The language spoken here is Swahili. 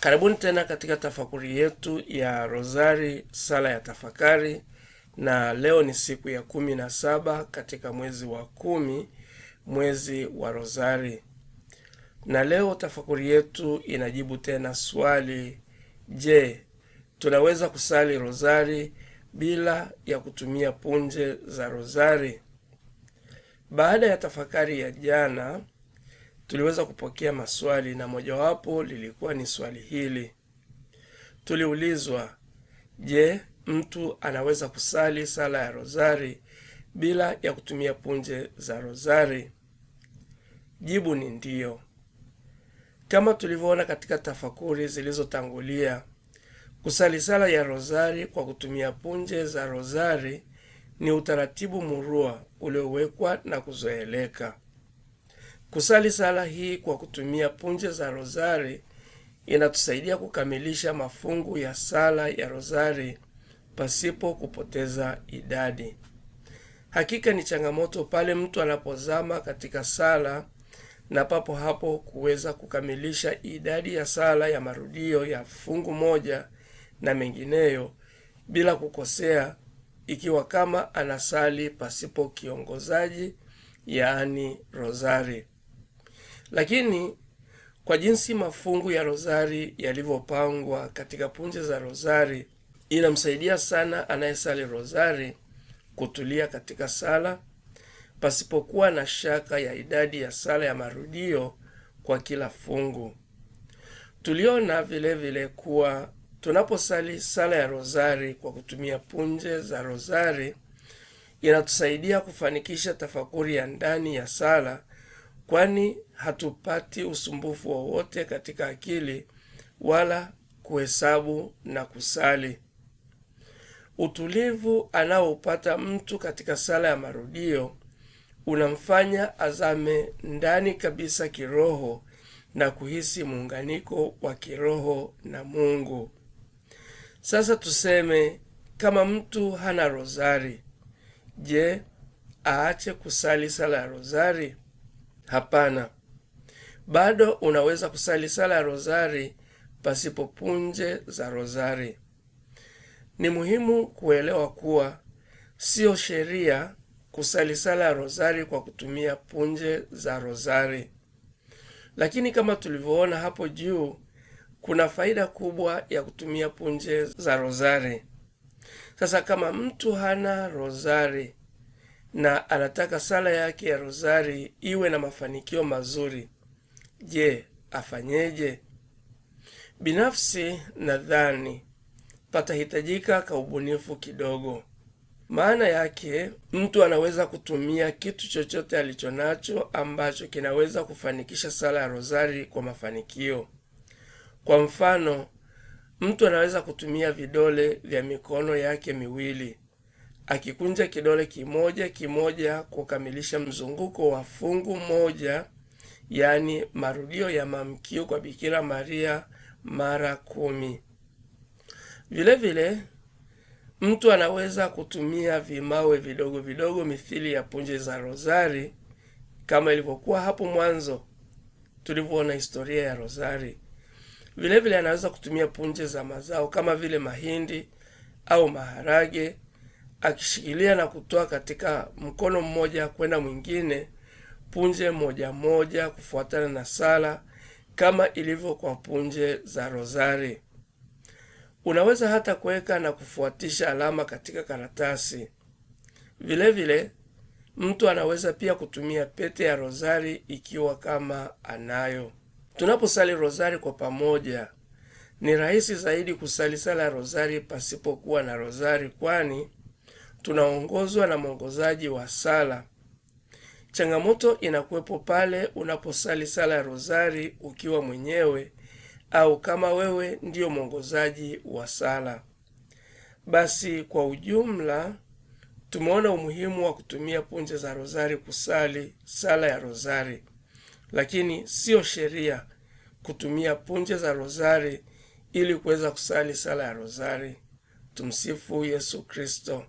Karibuni tena katika tafakuri yetu ya Rozari, sala ya tafakari, na leo ni siku ya kumi na saba katika mwezi wa kumi, mwezi wa Rozari. Na leo tafakuri yetu inajibu tena swali: je, tunaweza kusali rozari bila ya kutumia punje za rozari? Baada ya tafakari ya jana tuliweza kupokea maswali na mojawapo lilikuwa ni swali hili. Tuliulizwa, je, mtu anaweza kusali sala ya rozari bila ya kutumia punje za rozari? Jibu ni ndiyo. Kama tulivyoona katika tafakuri zilizotangulia, kusali sala ya rozari kwa kutumia punje za rozari ni utaratibu murua uliowekwa na kuzoeleka. Kusali sala hii kwa kutumia punje za rozari inatusaidia kukamilisha mafungu ya sala ya rozari pasipo kupoteza idadi. Hakika ni changamoto pale mtu anapozama katika sala na papo hapo kuweza kukamilisha idadi ya sala ya marudio ya fungu moja na mengineyo bila kukosea, ikiwa kama anasali pasipo kiongozaji, yaani rozari. Lakini kwa jinsi mafungu ya rozari yalivyopangwa katika punje za rozari, inamsaidia sana anayesali rozari kutulia katika sala pasipokuwa na shaka ya idadi ya sala ya marudio kwa kila fungu. Tuliona vilevile vile kuwa tunaposali sala ya rozari kwa kutumia punje za rozari inatusaidia kufanikisha tafakuri ya ndani ya sala kwani hatupati usumbufu wowote katika akili wala kuhesabu na kusali. Utulivu anaoupata mtu katika sala ya marudio unamfanya azame ndani kabisa kiroho na kuhisi muunganiko wa kiroho na Mungu. Sasa tuseme kama mtu hana rozari, je, aache kusali sala ya rozari? Hapana, bado unaweza kusali sala ya rozari pasipo punje za rozari. Ni muhimu kuelewa kuwa siyo sheria kusali sala ya rozari kwa kutumia punje za rozari, lakini kama tulivyoona hapo juu, kuna faida kubwa ya kutumia punje za rozari. Sasa kama mtu hana rozari na anataka sala yake ya rozari iwe na mafanikio mazuri. Je, afanyeje? Binafsi nadhani patahitajika ka ubunifu kidogo. Maana yake mtu anaweza kutumia kitu chochote alicho nacho ambacho kinaweza kufanikisha sala ya rozari kwa mafanikio. Kwa mfano, mtu anaweza kutumia vidole vya mikono yake miwili akikunja kidole kimoja kimoja kukamilisha mzunguko wa fungu moja, yaani marudio ya maamkio kwa Bikira Maria mara kumi. Vilevile mtu anaweza kutumia vimawe vidogo vidogo mithili ya punje za rozari kama ilivyokuwa hapo mwanzo tulivyoona historia ya rozari. Vilevile anaweza kutumia punje za mazao kama vile mahindi au maharage akishikilia na kutoa katika mkono mmoja kwenda mwingine punje moja moja kufuatana na sala kama ilivyo kwa punje za rozari. Unaweza hata kuweka na kufuatisha alama katika karatasi. Vilevile vile, mtu anaweza pia kutumia pete ya rozari ikiwa kama anayo. Tunaposali rozari kwa pamoja, ni rahisi zaidi kusali sala ya rozari pasipokuwa na rozari, kwani tunaongozwa na mwongozaji wa sala. Changamoto inakuwepo pale unaposali sala ya rozari ukiwa mwenyewe au kama wewe ndiyo mwongozaji wa sala. Basi kwa ujumla, tumeona umuhimu wa kutumia punje za rozari kusali sala ya rozari, lakini siyo sheria kutumia punje za rozari ili kuweza kusali sala ya rozari. Tumsifu Yesu Kristo.